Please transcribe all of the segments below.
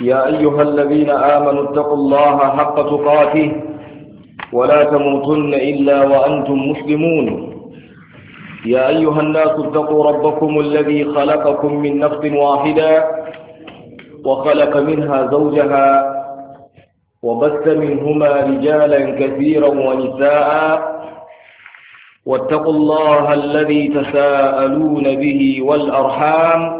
يا أيها الذين آمنوا اتقوا الله حق تقاته ولا تموتن إلا وأنتم مسلمون يا أيها الناس اتقوا ربكم الذي خلقكم من نفس واحدا وخلق منها زوجها وبث منهما رجالا كثيرا ونساء واتقوا الله الذي تساءلون به والأرحام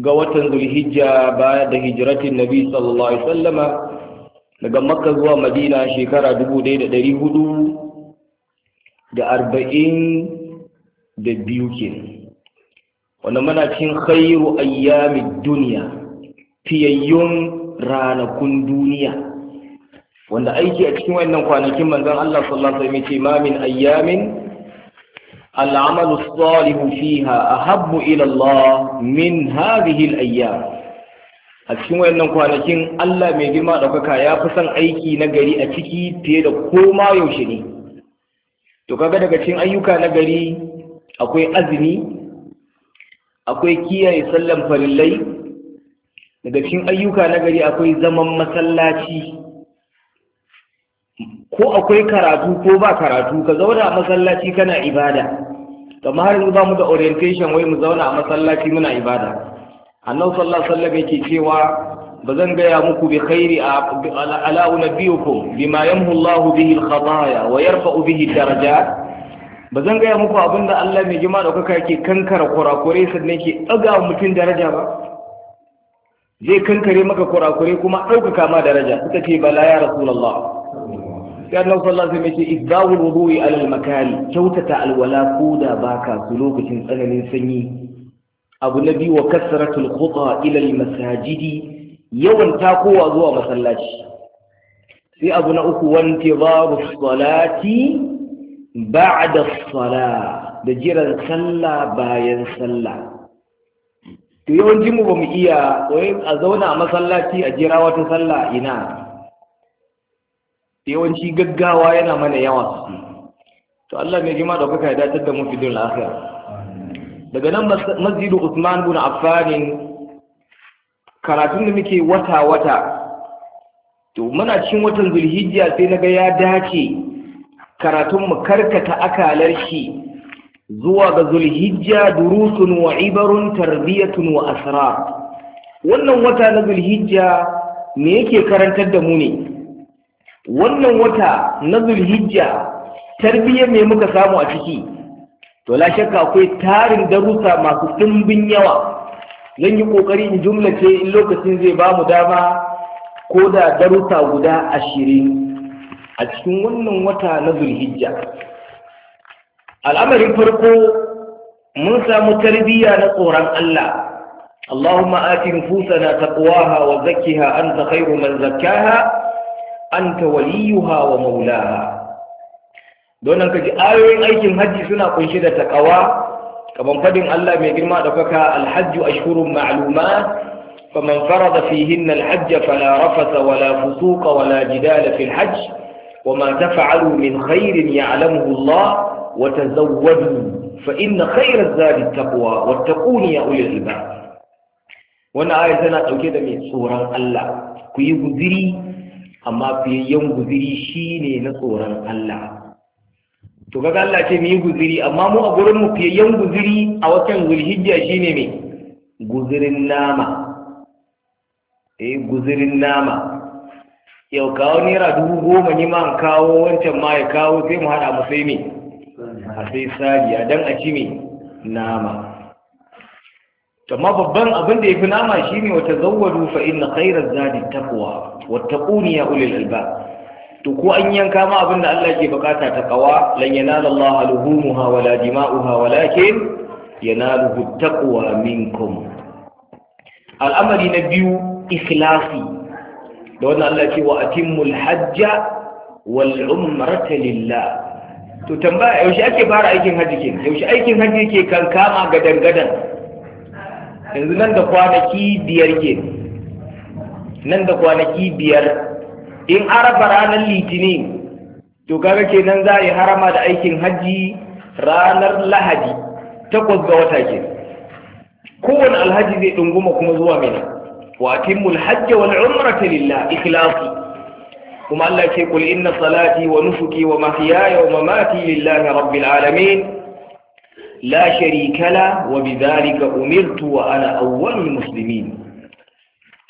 ga watan zulhijja baya da hijiratin nabi sallallahu alaihi wasallama daga makka zuwa madina shekara dubu ɗaya da ɗari hudu da arba'in da biyu ke wanda mana cin khairu ayyamin duniya fiyayyun ranakun duniya wanda aiki a cikin wannan kwanakin manzon Allah sallallahu alaihi wasallam ce ma min ayyamin العمل الصالح فيها أحب إلى الله من هذه الأيام a cikin wayannan kwanakin Allah mai girma ɗaukaka ya fi son aiki na gari a ciki fiye da koma yaushe ne to kaga daga cikin ayyuka na gari akwai azumi akwai kiyaye sallan farillai daga cikin ayyuka na gari akwai zaman masallaci ko akwai karatu ko ba karatu ka zauna a masallaci kana ibada amma har yanzu ba mu da orientation wai mu zauna a masallaci muna ibada annabi sallallahu alaihi wasallam yake cewa ba zan gaya muku bi khairi ala unabiyukum bima yamhu Allah bihi al-khataaya wa yarfa'u bihi darajat ba zan gaya muku abinda Allah mai jima da kuka yake kankara kurakure sannan yake daga mutum daraja ba zai kankare maka kurakure kuma ɗaukaka kama daraja suka ce bala ya rasulullah sai Allah sallallahu alaihi wasallam yake ibdawul wudu'i alal makari kyautata alwala ko da baka su lokacin tsananin sanyi abu na biyu wa kasratul khuta ila al masajidi yawan takowa zuwa masallaci sai abu na uku wanti babu salati ba'da sala da jiran sallah bayan sallah to yawancin mu bamu iya a zauna a masallaci a jira wata sallah ina yawanci gaggawa yana mana yawa to Allah mai girma da kuka datar da mu lafiya daga nan masjidu Usman bin Affan karatun da muke wata wata to muna cikin watan Zulhijja sai na ga ya dace karatun mu karkata akalar shi zuwa ga Zulhijja durusun wa ibarun tarbiyatun wa asrar wannan wata na Zulhijja me yake karantar da mu ne wannan wata na zulhijja tarbiyyar me muka samu a ciki to la shakka akwai tarin darussa masu dimbin yawa zan yi kokari in ce in lokacin zai ba mu dama ko da darussa guda ashirin a cikin wannan wata na zulhijja al'amarin farko mun samu tarbiyya na tsoron Allah اللهم nufusana taqwaha wa وزكها anta khayru man zakkaha. anta waliyuha wa maulaha don nan kaji ayoyin aikin hajji suna kunshe da takawa kaman fadin Allah mai girma da faka alhajju ashhurun ma'luma faman farada fihinna alhajj fala rafasa wala fusuqa wala jidala fil hajj وما تفعلوا من خير يعلمه الله وتزودوا فإن خير الزاد التقوى واتقون يا أولي الألباب wannan aya tana ɗauke da mai tsoron Allah ku yi guziri amma fiyayyen guziri shine na tsoron Allah to ga Allah ce mu yi guziri amma mu a gurin mu fiyayyen guziri a watan zulhijja shine mai guzirin nama eh guzirin nama yau kawo naira dubu goma ne ma an kawo wancan ma ya kawo sai mu haɗa mu sai me a sai sariya don a ci me nama amma babban abin da ya fi nama shi ne wata zawwaru fa inna khairar zadi takwa wata ƙuniya ulil alba to ko an yanka ma abin da Allah ke bukata ta kawa lan yanala Allah luhumuha wala dima'uha walakin yanaluhu taqwa minkum al'amari na biyu ikhlasi da wannan Allah ce wa atimmul hajja wal umrata lillah to tambaya yaushe ake fara aikin haji kenan yaushe aikin haji yake kankama gadan gadan yanzu nan da kwanaki biyar ke nan da kwanaki biyar in arafa ranar litinin to kaga kenan za a yi harama da aikin hajji ranar lahadi takwas ga wata ke kowane alhaji zai ɗunguma kuma zuwa mina wakin Mulhajja wani umar umrata lilla ikhlasi kuma Allah ce kul inna salati wa nusuki wa mahyaya wa mamati lillahi rabbil alamin la sharika la wa bidhalika umirtu wa ana awwalul muslimin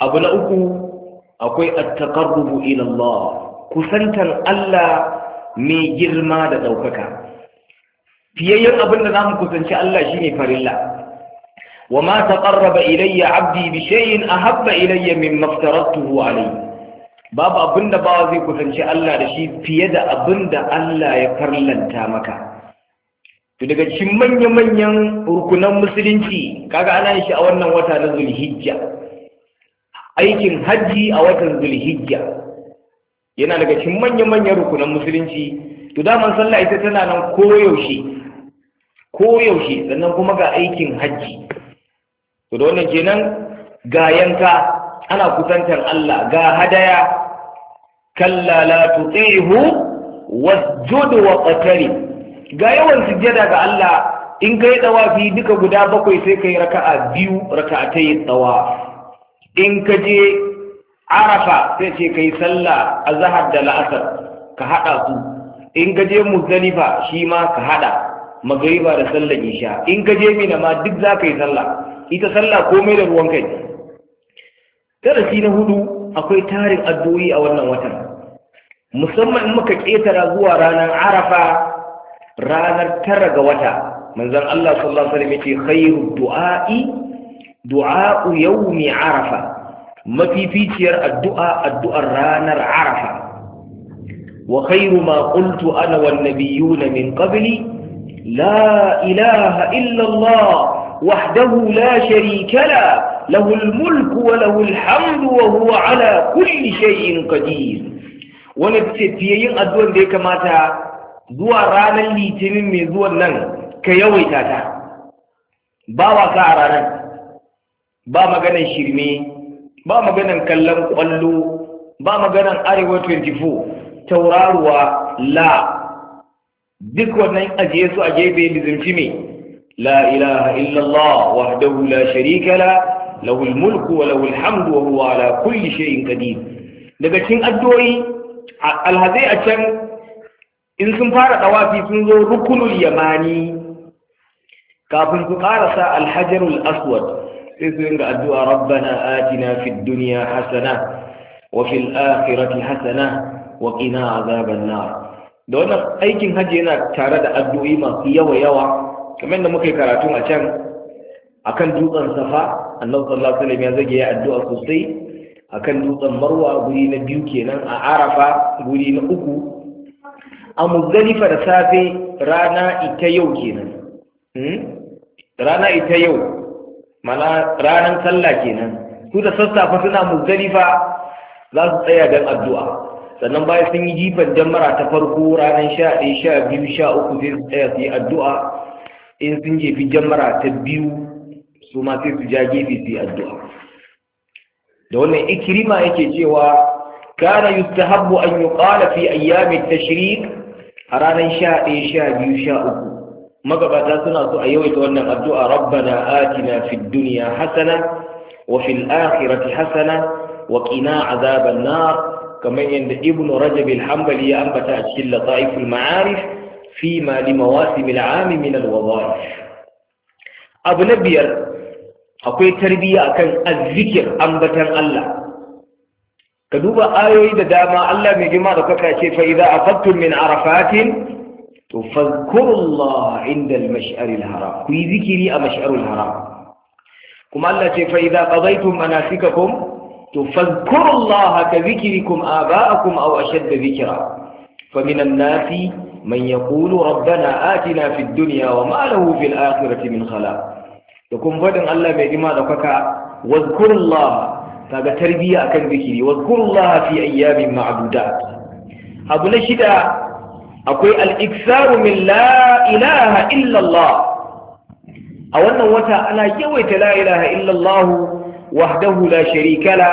abu na uku akwai at-taqarrubu ila Allah kusantan Allah mai girma da ɗaukaka. fiyayyen abin da zamu kusanci Allah shine farilla wa ma taqarraba ilayya 'abdi bi shay'in ahabba ilayya mimma aftaratuhu alayhi babu abin bawa zai kusanci Allah da shi fiye da abin da Allah ya farlanta maka to daga cikin manya-manyan rukunan musulunci kaga ana shi a wannan wata na zulhijja aikin hajji a watan zulhijja yana daga cikin manya-manyan rukunan musulunci to daman sallah ita tana nan koyaushe koyaushe sannan kuma ga aikin hajji to da wannan kenan ga yanka ana kusantar Allah ga hadaya kalla la tuti'hu wasjud wa qatarib ga yawan sujjada ga Allah in ka yi tsawafi duka guda bakwai sai ka yi raka'a biyu raka'atai tsawa in ka je arafa sai ce ka yi sallah Zahar da la'asar ka haɗa su in ka je muzdalifa shi ma ka haɗa. magariba da sallar isha in ka je mina ma duk za ka yi sallah ita sallah komai da ruwan kai darasi na hudu akwai tarin addu'o'i a wannan watan musamman in muka ƙetara zuwa ranar arafa ranar tara ga wata manzon Allah sallallahu alaihi wasallam yace khairu du'a'i du'a'u yawmi arafa mafificiyar addu'a addu'ar ranar arafa wa khairu ma qultu ana wan nabiyyuna min qabli la ilaha illa Allah wahdahu la sharika la mulku wa lahu hamdu wa huwa kulli shay'in qadir wani tafiyayyin addu'ar da ya kamata zuwa ranar litinin mai zuwan nan ka yawaita ta ba wa ka a ranar ba maganan shirme ba maganan kallon kwallo ba maganan arewa 24 tauraruwa la duk wannan ajiye su a gefe bizimci me la ilaha illallah wahdahu la sharika la lahul mulku wa lahul hamdu wa huwa ala kulli shay'in qadir daga cikin addu'o'i alhazai a can in sun fara ɗawafi sun zo rukunul yamani kafin su sa alhajarul aswad sai su ringa addu'a rabbana atina fid dunya hasana wa fil akhirati hasana wa qina azaban nar da wannan aikin hajji yana tare da addu'o'i masu yawa yawa kamar da muka yi karatun a can akan dutsen safa annabi sallallahu alaihi wasallam ya zage ya addu'a sosai akan dutsen marwa guri na biyu kenan a arafa guri na uku a muzdalifa da safe rana ita yau kenan hmm? rana ita yau mana ranar sallah kenan su da sassafe suna muzdalifa za su tsaya don addu'a sannan baya sun yi jifan jamara ta farko ranar sha ɗaya sha biyu sha uku sai su tsaya su yi addu'a in sun jefi jamara ta biyu su ma sai su ja gefe su yi addu'a da wannan ikirima yake cewa kana yustahabbu an yuqala fi ayyamit tashrik a ranar sha ɗaya sha biyu sha uku magabata suna so a yawaita wannan addu'a rabbana atina fid dunya hasana wa fil akhirati hasana wa qina azaban nar kamar yadda ibnu rajab al-hanbali ya ambata a cikin al ma'arif fi ma li mawasim al-aam min al-wadha'if abu na biyar akwai tarbiyya akan azzikir ambatan Allah ka duba ayoyi da dama Allah mai girma da kuka ce fa idza afattum min arafatin to fadhkurullah inda al-mash'ar al-haram ku yi zikiri a mash'ar al-haram kuma Allah ce fa idza qadaytum manasikakum to fadhkurullah ka zikrikum aba'akum aw ashadd dhikra fa min an-nas man yaqulu rabbana atina fid dunya wa ma lahu fil akhirati min khalaq da kun fadin Allah mai girma da kuka wadhkurullah kaga tarbiyya akan zikiri wa zkurullaha fi ayyamin ma'dudat abu na shida akwai al-iksaru min la ilaha illa Allah a wannan wata ana yawaita la ilaha illa Allah wahdahu la sharika la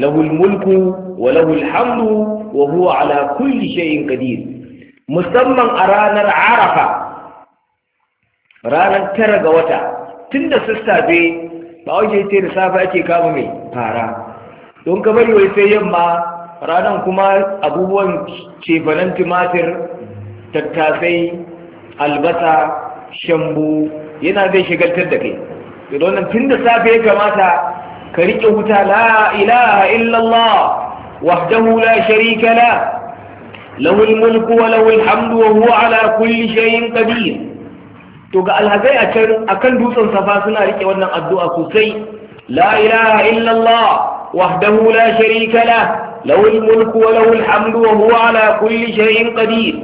lahul mulku wa lahul hamdu wa huwa ala kulli shay'in qadir musamman a ranar Arafa ranar tara ga wata tunda sassafe ba waje sai da safe ake kama mai fara don ka bari wai sai yamma ranar kuma abubuwan cefanen tumatir tattasai albasa shambu yana zai shigaltar da kai donan tun da safe ya kamata ka riƙe wuta la ilaha illallah wahdahu la sharika la lahul mulku wa lahul hamdu wa huwa ala kulli shay'in qadir to ga alhazai a can akan dutsen safa suna rike wannan addu'a sosai la ilaha illallah wahdahu la sharika la lahul mulku wa lahul hamdu wa huwa ala kulli shay'in qadir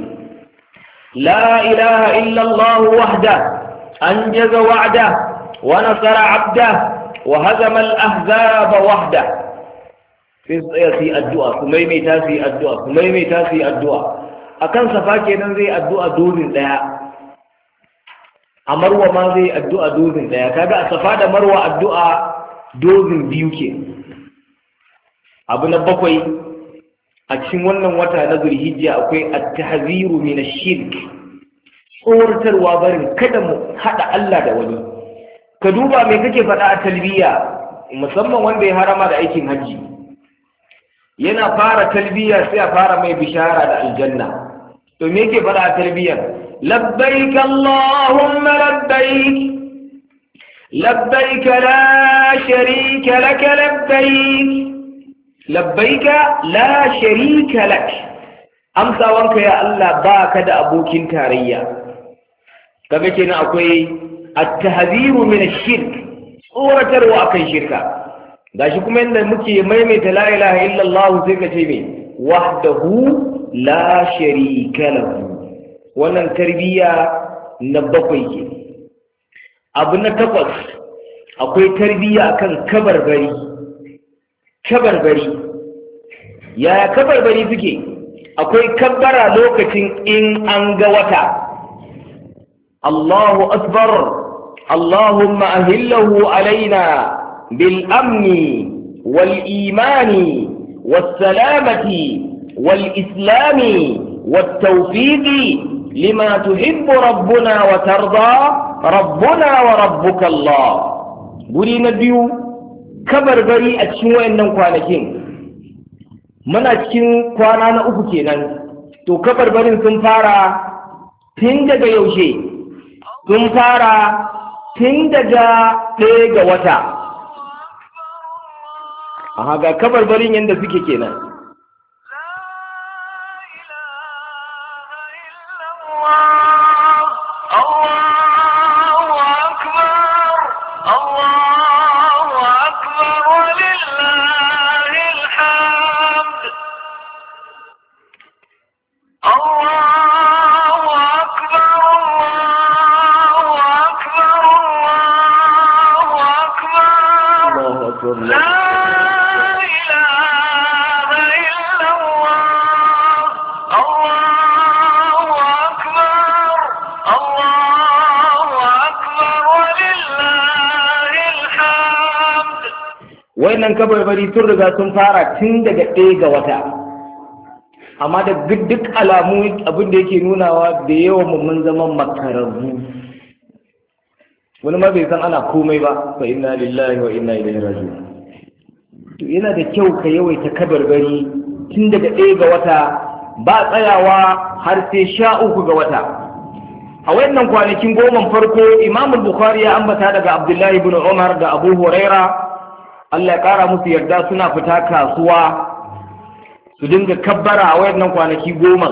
la ilaha illallah wahda anjaza wa'da wa nasara 'abda wa hazama al-ahzaba wahda fi tsaya addu'a kumai mai tafi addu'a kumai mai tafi addu'a akan safa kenan zai addu'a dozin daya a marwa ma zai addu'a dozin daya kaga a safa da marwa addu'a dozin biyu ke abu na bakwai a cikin wannan wata na zulhijja akwai at-tahziru min ash-shirk tsoratarwa barin kada mu haɗa Allah da wani ka duba me kake faɗa a talbiya musamman wanda ya harama da aikin hajji yana fara talbiya sai a fara mai bishara da aljanna to me yake faɗa a talbiyar labbaik allahumma لبيك لا شريك لك لبيك لبيك لا شريك لك amsa wanka ya Allah ba ka da abokin tarayya kaga kenan akwai at-tahziru min ash-shirk tsoratarwa akan shirka shi kuma yanda muke maimaita la ilaha illallah sai ka ce mai, wahdahu la sharika lahu wannan tarbiyya na bakwai kenan abu na takwas akwai tarbiyya kan kabarbari kabarbari ya kabarbari suke akwai kabbara lokacin in an ga wata Allahu akbar Allahumma ahillahu alaina بالأمن والإيمان والسلامة والإسلام lima tuhibbu rabbuna wa tarda rabbuna wa rabbuka Allah guri na biyu kabarbari a cikin wayannan kwanakin muna cikin kwana na uku kenan to kabarbarin sun fara tun daga yaushe sun fara tun daga ɗaya ga wata a haga kabarbarin yadda suke kenan wayannan kabarbari tun riga sun fara tun daga ɗaya ga wata amma da duk alamu abin da yake nunawa da yawan mummun zama makararru wani ma bai san ana komai ba fa inna lillahi wa inna ilaihi raji'un to yana da kyau ka yawaita kabarbari tun daga ɗaya ga wata ba tsayawa har sai sha uku ga wata a wannan kwanakin goman farko imam bukhari ya ambata daga abdullahi ibn umar da abu huraira Allah ya ƙara musu yarda suna fita kasuwa su dinga kabbara a wayannan kwanaki goma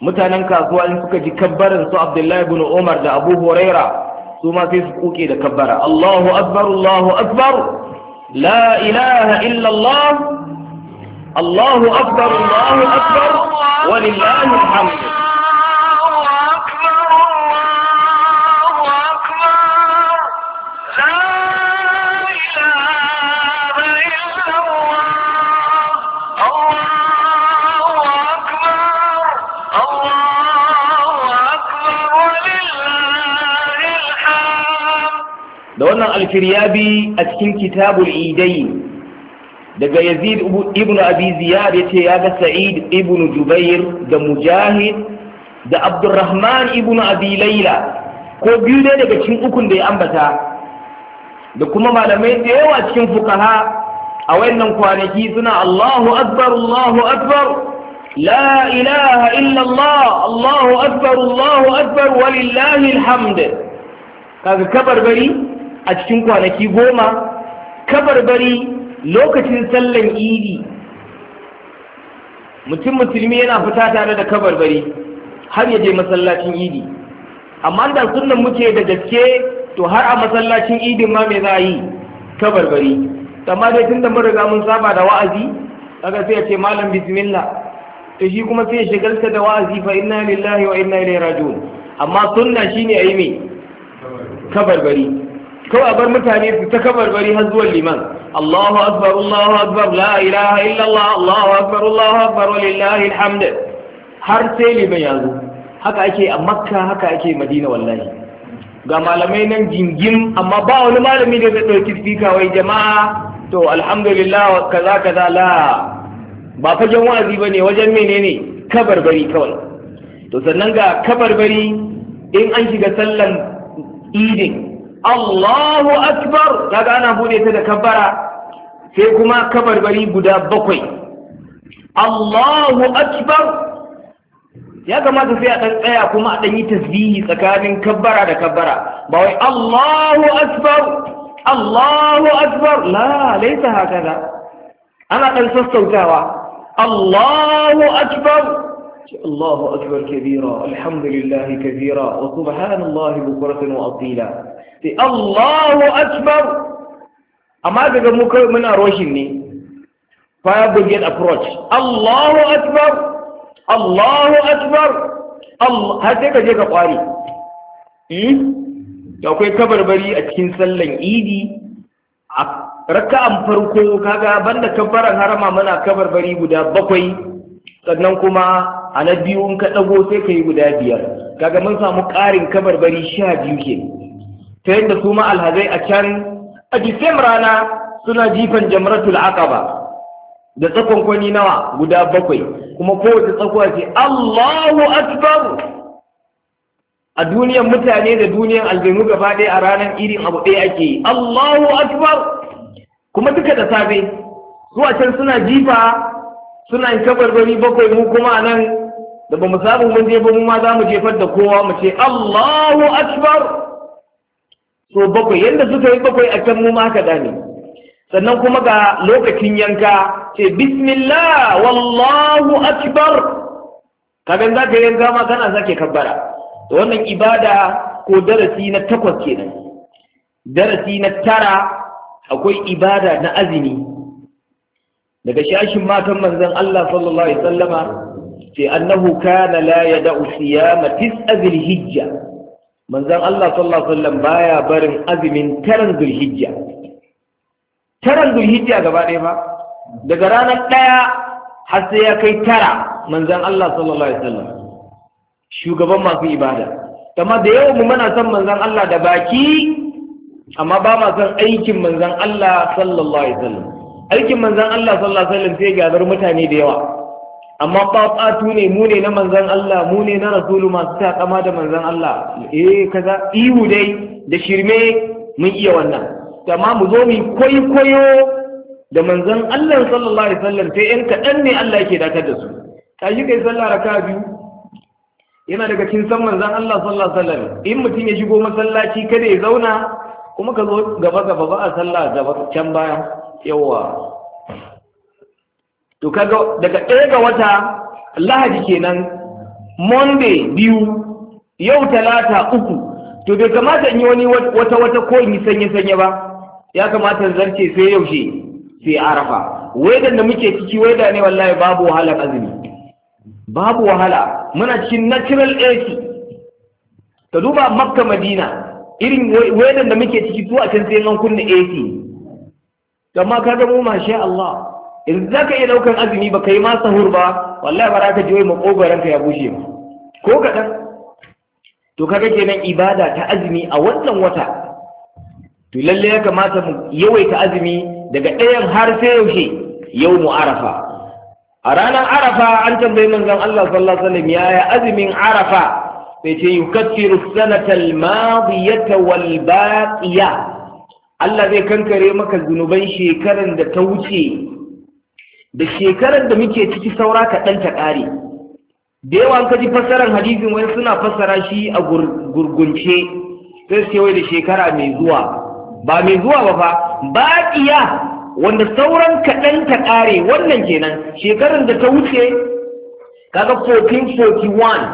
mutanen kasuwa in suka ji kabbarin su Abdullahi ibn Umar da Abu Huraira su ma sai su kuke da kabbara Allahu akbar Allahu akbar la ilaha illa Allah Allahu akbar Allahu akbar walillahi alhamd da wannan alfiryabi a cikin kitabul idai daga yazid ibn abi ziyad yace ya ga sa'id ibn jubair da mujahid da abdurrahman ibn abi laila ko biyu dai daga cikin ukun da ya ambata da kuma malamai da yawa cikin fukaha a wannan kwanaki suna Allahu akbar Allahu akbar la ilaha illa Allah Allahu akbar Allahu akbar walillahi alhamd kaga bari a cikin kwanaki goma kabarbari lokacin sallan idi mutum musulmi yana fita tare da kabarbari har ya je masallacin idi amma da sunan muke da gaske to har a masallacin idin ma me za a yi kabarbari amma dai tunda mun riga mun saba da wa'azi kaga sai ya ce malam bismillah to shi kuma sai ya shigalta da wa'azi fa inna lillahi wa inna ilaihi raji'un amma sunna shine ayi me kabarbari kawai a bar mutane su ta bari har zuwa liman Allahu akbar Allahu akbar la ilaha illallah Allahu akbar Allahu akbar walillahi alhamd har sai liman ya zo haka ake a Makka haka ake Madina wallahi ga malamai nan jingim amma ba wani malami da zai dauki speaker wai jama'a to alhamdulillah kaza kaza la ba fagen wa'azi bane wajen menene kabar bari kawai to sannan ga kabar bari, in an shiga sallan idin Allahu akbar kaga ana bude ta da kabbara sai kuma kabarbari guda bakwai Allahu akbar ya kamata sai a ɗan tsaya kuma a ɗan yi tasbihi tsakanin kabbara da kabbara ba wai Allahu akbar Allahu akbar la laisa hakaza ana ɗan sassautawa Allahu akbar الله أكبر كبيرا الحمد لله كثيرا وسبحان الله بكرة وأصيلا الله أكبر أما daga mu kai muna roshin ne fire brigade approach Allahu akbar Allahu akbar har ka je ka kwari hmm? akwai kabarbari a cikin sallan idi a raka'an farko kaga banda kabbaran harama muna kabarbari guda bakwai sannan kuma a na biyu in ka ɗago sai ka yi guda biyar kaga mun samu ƙarin kabarbari sha biyu ke ta yadda su ma alhazai a can a jisem rana suna jifan jamratul aqaba da tsakon kwani nawa guda bakwai kuma kowace tsakuwa ce Allahu akbar a duniyar mutane da duniyar aljanu gaba ɗaya a ranar irin abu ɗaya ake yi Allahu akbar kuma duka da safe zuwa can suna jifa suna yin kabarbari bakwai mu kuma a nan da ba mu samu mun je ba mu ma za mu jefar da kowa mu ce Allahu Akbar so bakwai yanda suka yi bakwai a kan mu ma haka dame sannan kuma ga lokacin yanka ce bismillah wallahu akbar kagan za ka yanka ma kana sake kabbara da wannan ibada ko darasi na takwas kenan darasi na tara akwai ibada na azumi daga shashin matan manzan Allah sallallahu alaihi wasallama ce annahu kana la yada'u siyama tis'a hijja Manzan Allah sallallahu alaihi wasallam baya barin azumin taran zulhijja taran zulhijja gaba ɗaya ba daga ranar ɗaya har sai ya kai tara manzan Allah sallallahu alaihi wasallam shugaban masu ibada kamar da yau mu muna son manzan Allah da baki amma ba ma son aikin manzan Allah sallallahu alaihi wasallam aikin manzan Allah sallallahu alaihi wasallam sai gabar mutane da yawa amma babatu ne mu ne na manzan Allah mu ne na rasulu masu takama da manzan Allah eh kaza ihu dai da shirme mun iya wannan amma mu zo mu kwaikwayo da manzan Allah sallallahu alaihi wasallam sai yan kaɗan ne Allah yake dakatar da su yi kai sallah raka'a biyu yana daga cikin san manzan Allah sallallahu alaihi wasallam in mutum ya shigo masallaci kada ya zauna kuma ka zo gaba gaba ba a sallah gaba can baya yawa to kaga daga ɗaya ga wata lahadi kenan monday biyu yau talata uku to bai kamata in yi wani wata wata ko in yi sanye sanye ba ya kamata zarce sai yaushe sai arafa waidan da muke ciki da ne wallahi babu wahala azumi babu wahala muna cikin natural AC ka duba makka madina irin waidan da muke ciki zuwa can sai an kunna AC amma ka ga mu masha Allah in zaka iya ɗaukar azumi ba kai ma sahur ba wallahi ba za ka ji wai ka ya bushe ba ko kaɗan to kaga kenan ibada ta azumi a wannan wata to lalle ya kamata mu yawaita azumi daga ɗayan har sai yaushe yau mu arafa a ranar arafa an tambayi manzon Allah sallallahu alaihi wasallam yaya azumin arafa sai ce yukaffiru sanatal madiyata wal baqiya Allah zai kankare maka zunuban shekaran da ta wuce da shekarar da muke ciki saura kaɗan ta ƙare da yawa an kaji fassarar hadisin wani suna fassara shi a gurgunce sai su wai da shekara mai zuwa ba mai zuwa ba fa baƙiya wanda sauran kaɗan ta ƙare wannan kenan shekarar da ta wuce kaga 1441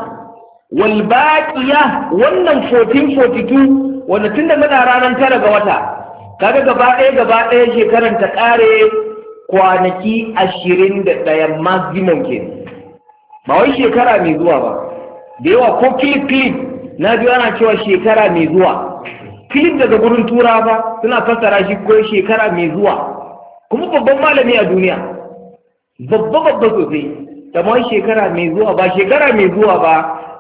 walbaƙiya wannan 1442 wanda tun da muna ranar tara ga wata kaga gaba ɗaya gaba ɗaya shekaran ta ƙare kwanaki ashirin da ɗaya maximum ke ba wai shekara mai zuwa ba da yawa ko clip clip na biyu ana cewa shekara mai zuwa clip daga gurin tura ba suna fassara shi ko shekara mai zuwa kuma babban malami a duniya babba babba sosai ma shekara mai zuwa ba shekara mai zuwa ba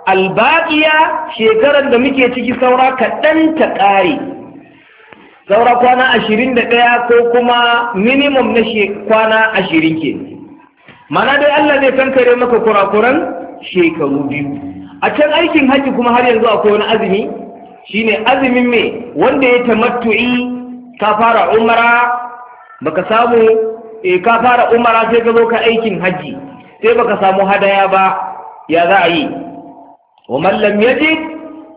albaƙiya shekaran da muke ciki saura kaɗan ta ƙare saura kwana ashirin da ɗaya ko kuma minimum na kwana ashirin ke mana dai Allah zai tankare maka kurakuran shekaru biyu a can aikin hajji kuma har yanzu akwai wani azumi shine azumin me wanda ya tamattu'i ka fara umara baka samu e ka fara umara sai ka zo ka aikin hajji sai baka samu hadaya ba ya za a yi wa man lam yajid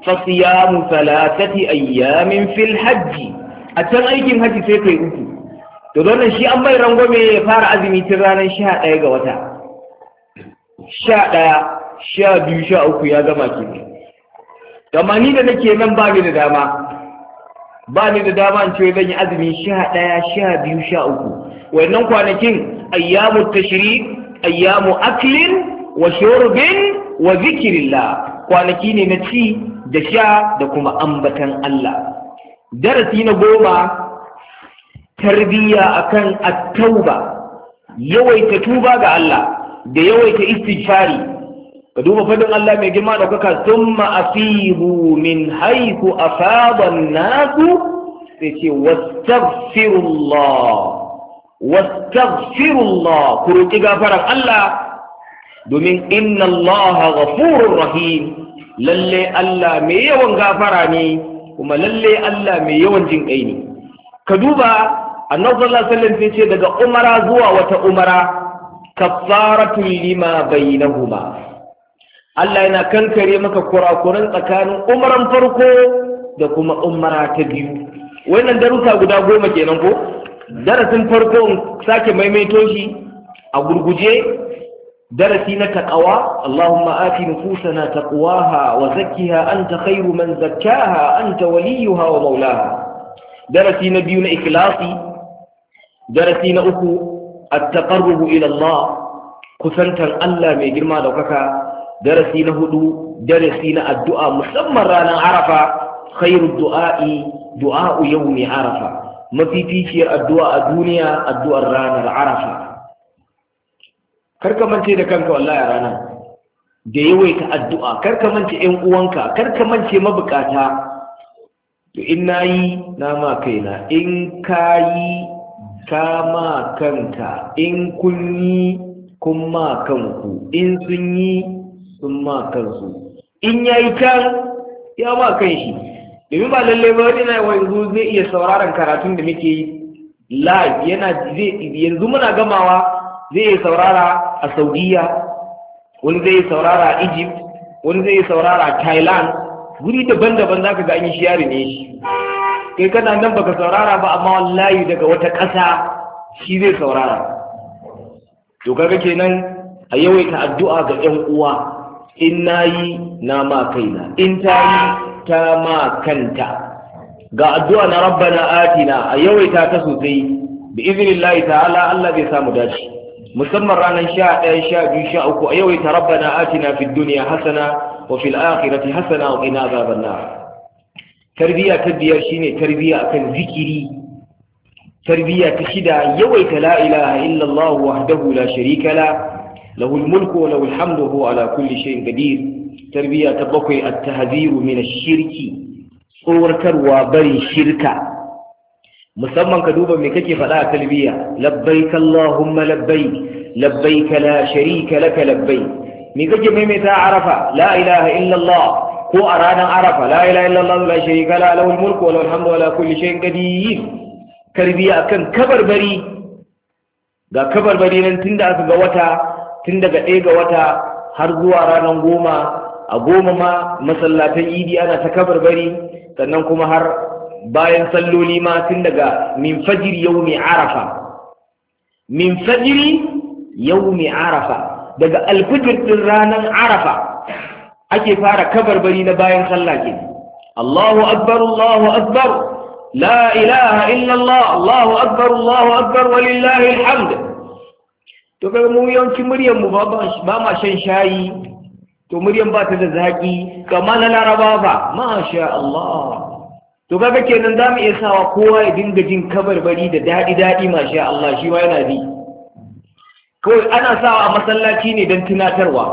fa siyamu thalathati ayyamin fil hajji a can aikin haji sai kai uku to don shi an bai rangwame ya fara azumi tun ranar sha ɗaya ga wata sha ɗaya sha biyu sha uku ya gama ke gama ni da nake nan ba da dama ba ni da dama in ce zan yi azumi sha ɗaya sha biyu sha uku wannan kwanakin ayyamu tashri ayyamu aklin wa shurbin wa zikirillah kwanaki ne na ci da sha da kuma ambatan Allah darasi na goma tarbiyya akan at-tauba yawaita tuba ga Allah da yawaita istighfari ka duba fadin Allah mai girma da kuka thumma asibu min haythu afada an-nasu sai ce wastaghfirullah wastaghfirullah ku roki gafaran Allah domin inna Allah ghafurur rahim lalle Allah mai yawan gafara ne kuma lalle Allah mai yawan jin kai ne ka duba annabi sallallahu alaihi ce daga umara zuwa wata umara kaffaratu lima bainahuma Allah yana kankare maka kurakuran tsakanin umaran farko da kuma umara ta biyu wannan darusa guda goma kenan ko darasin farko sake maimaito shi a gurguje darasi na taƙawa, Allahumma ati nufusana taqwaha wa zakkiha anta khayru man zakkaha anta waliyuha wa maulaha darasi na biyu na ikhlasi darasi na uku at-taqarrub ila Allah kusantar Allah mai girma da kaka darasi na hudu darasi na addu'a musamman ranar Arafa khairu du'a'i du'a'u yawmi Arafa mafificiyar addu'a a duniya addu'ar ranar Arafa kar ka mance da kanka wallahi a rana, da yawaita addu'a kar ka mance 'yan uwanka kar ka mance mabukata to in nayi na ma kaina in kayi ka ma kanka in kun yi kun ma kanku in sun yi sun ma kansu in yayi can ya ma kan shi domin ba lallai ba wani na yanzu zai iya sauraron karatun da muke yi live yana zai yanzu muna gamawa zai yi saurara a saudiya wani zai yi saurara a egypt wani zai yi saurara a thailand guri daban-daban za ka gani shi yi ne shi kai kana nan baka saurara ba amma wallahi daga wata ƙasa shi zai saurara to kaga kenan a yawaita addu'a ga 'yan uwa in na yi na ma kaina in ta yi ta ma kanta ga addu'a na rabbana atina a yawaita ta sosai bi iznillahi ta'ala Allah zai samu dace musamman ranar sha ɗaya sha biyu sha uku a yawaita rabbana atina fid duniya hasana wa fil akhirati hasana wa qina azaban nar tarbiya ta biyar shine tarbiya zikiri tarbiya ta shida yawaita la ilaha illa Allah wahdahu la sharika la lahu al mulku wa lahu al hamdu ala kulli shay'in qadir tarbiya ta bakwai at tahziru min ash-shirki tsowartarwa barin shirka musamman ka duba me kake faɗa a talbiya labbaik allahumma labbai, labbaik la sharika laka labbaik me kake maimaita a arafa la ilaha illa allah ko a ranar arafa la ilaha illa allah la sharika la lahul mulku wa lahul hamdu wa la kulli shay'in qadir talbiya akan kabarbari ga kabarbari nan tun da ga wata tun daga ɗaya ga wata har zuwa ranar goma a goma ma masallatan idi ana ta kabarbari sannan kuma har bayan salloli ma tun daga min fajiri yaumi arafa min fajiri yaumi arafa daga alfijir din ranar arafa ake fara kabarbari na bayan sallah Allahu akbar Allahu akbar la ilaha illallah. Allahu akbar Allahu akbar walillahi alhamd to kaga mu yawanci muryar mu ba ma shan shayi to muryan ba ta da zaki kamar na laraba ba masha Allah to kaga kenan za mu iya sawa kowa ya dinga jin kabarbari da daɗi daɗi masha Allah shi ma yana bi kawai ana sawa a masallaci ne don tunatarwa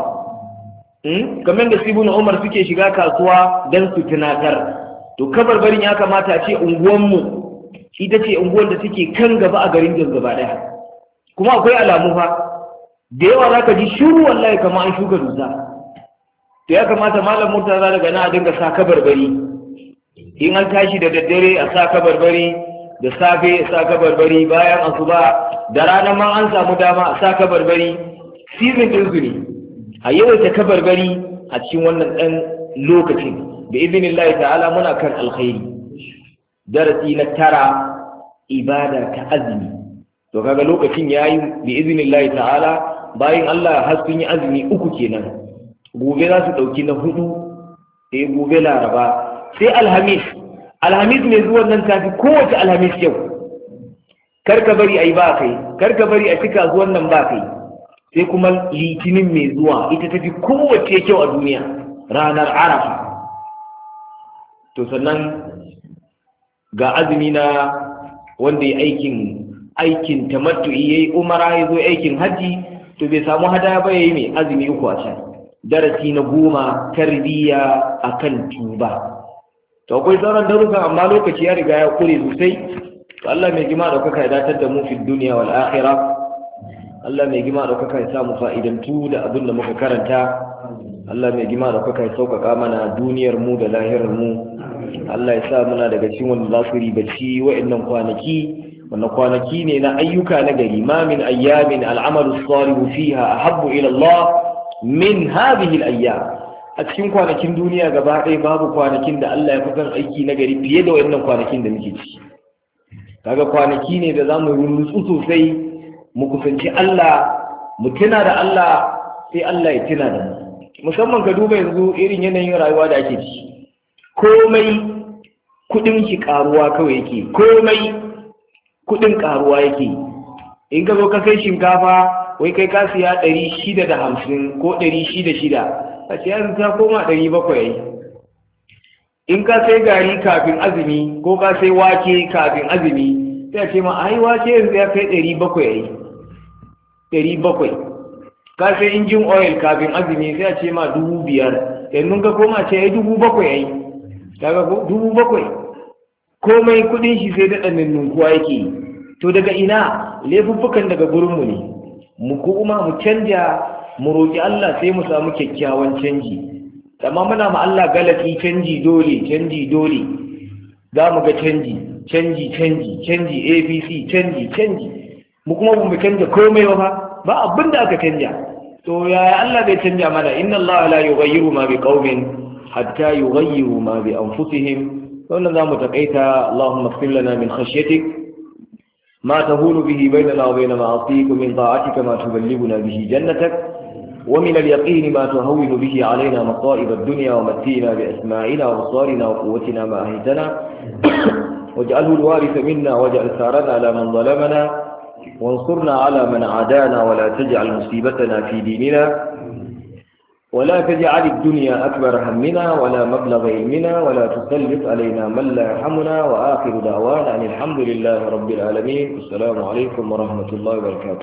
hmm? kamar da sibuna umar suke shiga kasuwa don su tunatar to kabarbarin ya kamata a ce unguwanmu ita ce unguwan da suke kan gaba a garin jos gaba ɗaya kuma akwai alamu fa da yawa za ka ji shiru wallahi kamar an shuka dusa to ya kamata malam murtala daga na a dinga sa kabarbari in an tashi da daddare a sa barbari da safe a sa barbari bayan asuba da ranar ma an samu dama a sa barbari season din su ne a yawaita barbari a cikin wannan ɗan lokacin da izinillahi ta'ala muna kan alkhairi darasi na tara ibada ta azumi to kaga lokacin ya yayi izinin iznillahi ta'ala bayan Allah ya haskun yi azumi uku kenan gobe za su ɗauki na hudu eh gobe laraba sai alhamis alhamis mai zuwan nan tafi kowace alhamis yau karka bari a yi ba kai karka bari a cika zuwan nan ba kai sai kuma litinin mai zuwa ita tafi kowace kyau a duniya ranar arafa to sannan ga azumi na wanda ya aikin aikin tamattu'i yayi umara ya zo aikin hajji, to bai samu hada ba yayi mai azumi uku a can darasi na goma tarbiyya akan tuba to akwai sauran daruka amma lokaci ya riga ya kure sosai to Allah mai gima da kuka datar da mu fi duniya wal akhirah Allah mai gima da kuka sa mu fa'idantu da abin da muka karanta Allah mai gima da kuka sauƙaƙa mana duniyar mu da lahirar mu Allah ya sa muna daga cikin wanda za su ribaci wa'annan kwanaki wannan kwanaki ne na ayyuka na gari ma min ayyamin al'amalu salihu fiha ahabbu ila Allah min hadhihi al-ayyam a cikin kwanakin duniya gaba ɗaya babu kwanakin da Allah ya fi aiki na gari fiye da wannan kwanakin da muke ciki kaga kwanaki ne da zamu rutsu sosai mu kusanci Allah mu tuna da Allah sai Allah ya tuna da mu musamman ka duba yanzu irin yanayin rayuwa da ake ciki komai kudin ki karuwa kawai yake komai kudin karuwa yake in ka zo ka kai shinkafa wai kai ka siya ɗari shida da hamsin ko ɗari shida shida a ce yanzu ta koma ɗari bakwai in ka sai gari kafin azumi ko ka sai wake kafin azumi sai ce ma ai wake yanzu ya kai ɗari bakwai ɗari bakwai ka sai injin oil kafin azumi sai a ce ma dubu biyar yanzu ka koma ce ya dubu bakwai ai kaga dubu bakwai komai kuɗin shi sai daɗa ninkuwa yake to daga ina laifuffukan daga gurinmu ne mu kuma mu canja mu roƙi Allah sai mu samu kyakkyawan canji amma muna ma Allah galati canji dole canji dole za mu ga canji canji canji canji abc canji canji mu kuma mu canja komai ba ba abin da aka canja to yaya Allah bai canja mana inna Allah la yughayyiru ma biqaumin hatta yughayyiru ma bi anfusihim wannan zamu takaita Allahumma ighfir lana min khashyatik ما تهون به بيننا وبين معصيك ومن طاعتك ما تبلغنا به جنتك ومن اليقين ما تهون به علينا مصائب الدنيا ومتينا بأسماعنا وأبصارنا وقوتنا ما أهيتنا واجعله الوارث منا واجعل ثارنا على من ظلمنا وانصرنا على من عادانا ولا تجعل مصيبتنا في ديننا ولا تجعل الدنيا أكبر همنا ولا مبلغ علمنا ولا تسلط علينا من لا يرحمنا وآخر دعوانا أن الحمد لله رب العالمين السلام عليكم ورحمة الله وبركاته